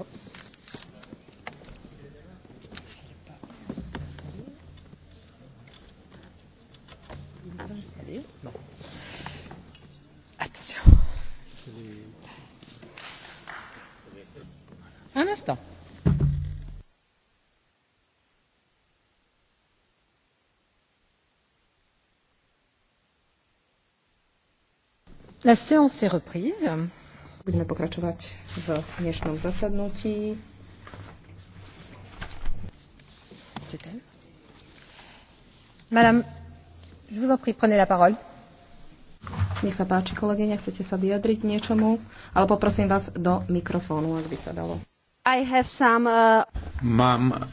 Oops. Un instant. La séance est reprise. Budeme pokračovať v dnešnom zasadnutí. Madame, je vous en prie, prenez la parole. Nech sa páči, kolegyňa, chcete sa vyjadriť niečomu? Ale poprosím vás do mikrofónu, ak by sa dalo. I have some, uh... Mám